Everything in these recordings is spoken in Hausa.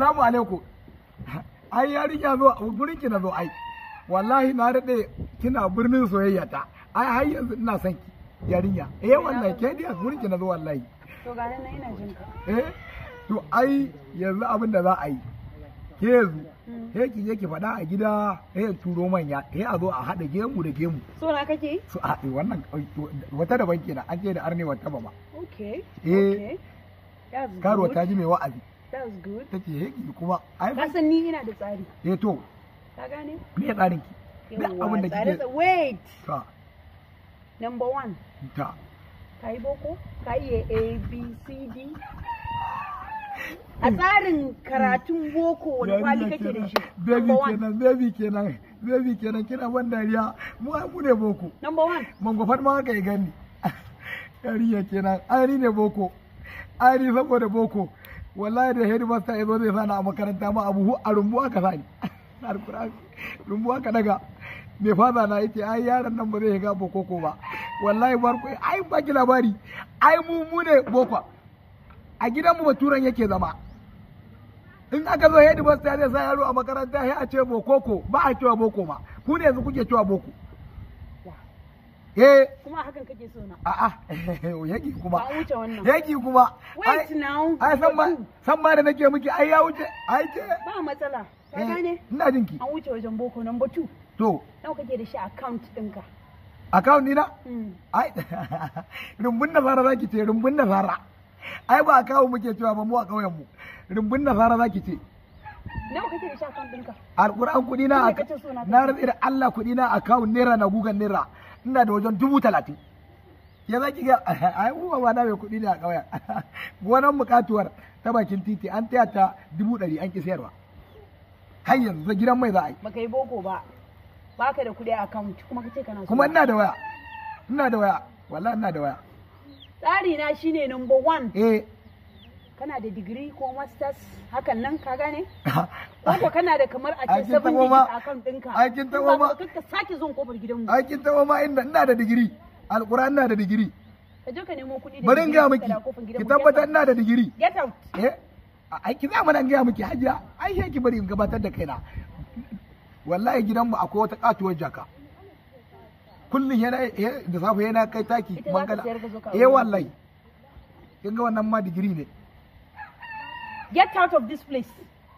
Salamu alaikum. Ai yarinya zo gurin ki na zo ai. Wallahi na daɗe kina birnin soyayya ta. Ai har yanzu ina son ki yarinya. Eh wallahi ke dai gurin ki na zo wallahi. To ga nan ina jin ka. Eh to ai yanzu abin da za a yi. Ke yanzu he mm. ki je ki faɗa a gida he eh, ya turo manya he a zo a haɗa gemu da gemu. So na kake So a eh, wannan eh, wata daban kenan an ce da arne wata ba ma. Okay. Eh. Karuwa ta ji mai wa'azi. that's good take yake kuma ai ka san ni ina da tsari eh to ka gane me tsarin ki da abin da kike wait ta number one. ta kai boko kai a b c d a tsarin karatun boko wani kwali kake da shi baby kenan baby kenan baby kenan kina ban dariya mu mu ne boko number one mangofar ma haka ya gani dariya kenan ari ne boko ari saboda boko wallahi da masta ya zo zai sani a makaranta ma abu a rumbuwa ka sani rumbuwa ka daga mai fada na yake ai yaron nan ba zai shiga bokoko ba wallahi barko ai ki labari ai mu mu ne boko a gidan mu baturan yake zama in aka zo headmaster zai sa yaro a makaranta sai a ce bokoko ba a cewa boko ma ku ne yanzu kuke cewa boko Eh, a'a eh, yaki kuma a kuma wait now san ba san ba da nake ya wuce ai ke ba matsala ka eh, to nawa kake da shi nina hmm. ai rumbun nasara zaki ce rumbun nasara ai ba muke cewa ba mu a ƙauyen mu rumbun nasara zaki ce nawa da kuɗi na na da Allah kuɗi na account naira na Google naira ina da wajen dubu talatin ya za ki ga ai uwa ba na mai kuɗi ne a ƙauyen gonan bukatuwar ta bakin titi an taya ta dubu ɗari an ki sayarwa har yanzu gidan mai za a yi Maka yi boko ba ba ka da kuɗi a account kuma kace kana kuma ina da waya ina da waya wallahi ina da waya tsari na shine number one eh kana da digiri ko masters hakan nan ka gane ko kana da kamar a ce sabon digiri akan dinka a kin tawo ma ka saki zon kofar gidanmu a kin tawo ma inda ina da digiri alquran ina da digiri ka je ka nemo kuɗi da bari ga miki ki tabbatar ina da digiri get out eh ai ki za mu nan ga miki hajiya ai sai ki bari in gabatar da kaina wallahi gidanmu akwai wata katuwar jaka kullum yana eh, da safe yana kai taki mangala eh wallahi kin ga wannan ma digiri ne Get out of this place.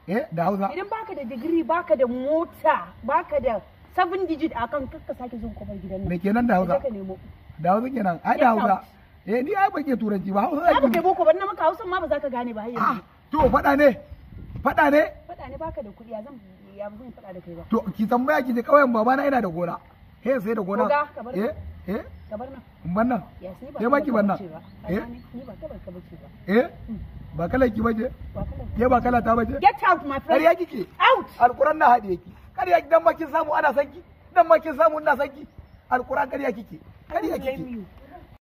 Eh, da hausa. Idan baka da digiri, baka da mota, baka da seven digit akan kan kakka sake zuwa kofar gidan nan. Me kenan da hausa? Da hausa kenan. Ai da hausa. Eh, ni ai bake turanci ba. Hausa ake. Ba kai boko ba, maka hausa ma ba za ka gane ba ah, yanzu. To faɗa ne. Faɗa ne. Faɗa ne baka da kuɗi, ya zan ya zan faɗa da kai ba. To ki tambaya ki je kawai babana ina da gona. He sai da gona. Eh. eh ka bar ke baki ban nan ba kalar ka bace ba eh ba kalar eh? hmm. ki bace ke ba kala ta bace get out my friend kariya kike out alquran na hadiye ki kariya dan ma kin samu ana sanki dan ma kin samu ina sanki alquran kariya kike kariya kike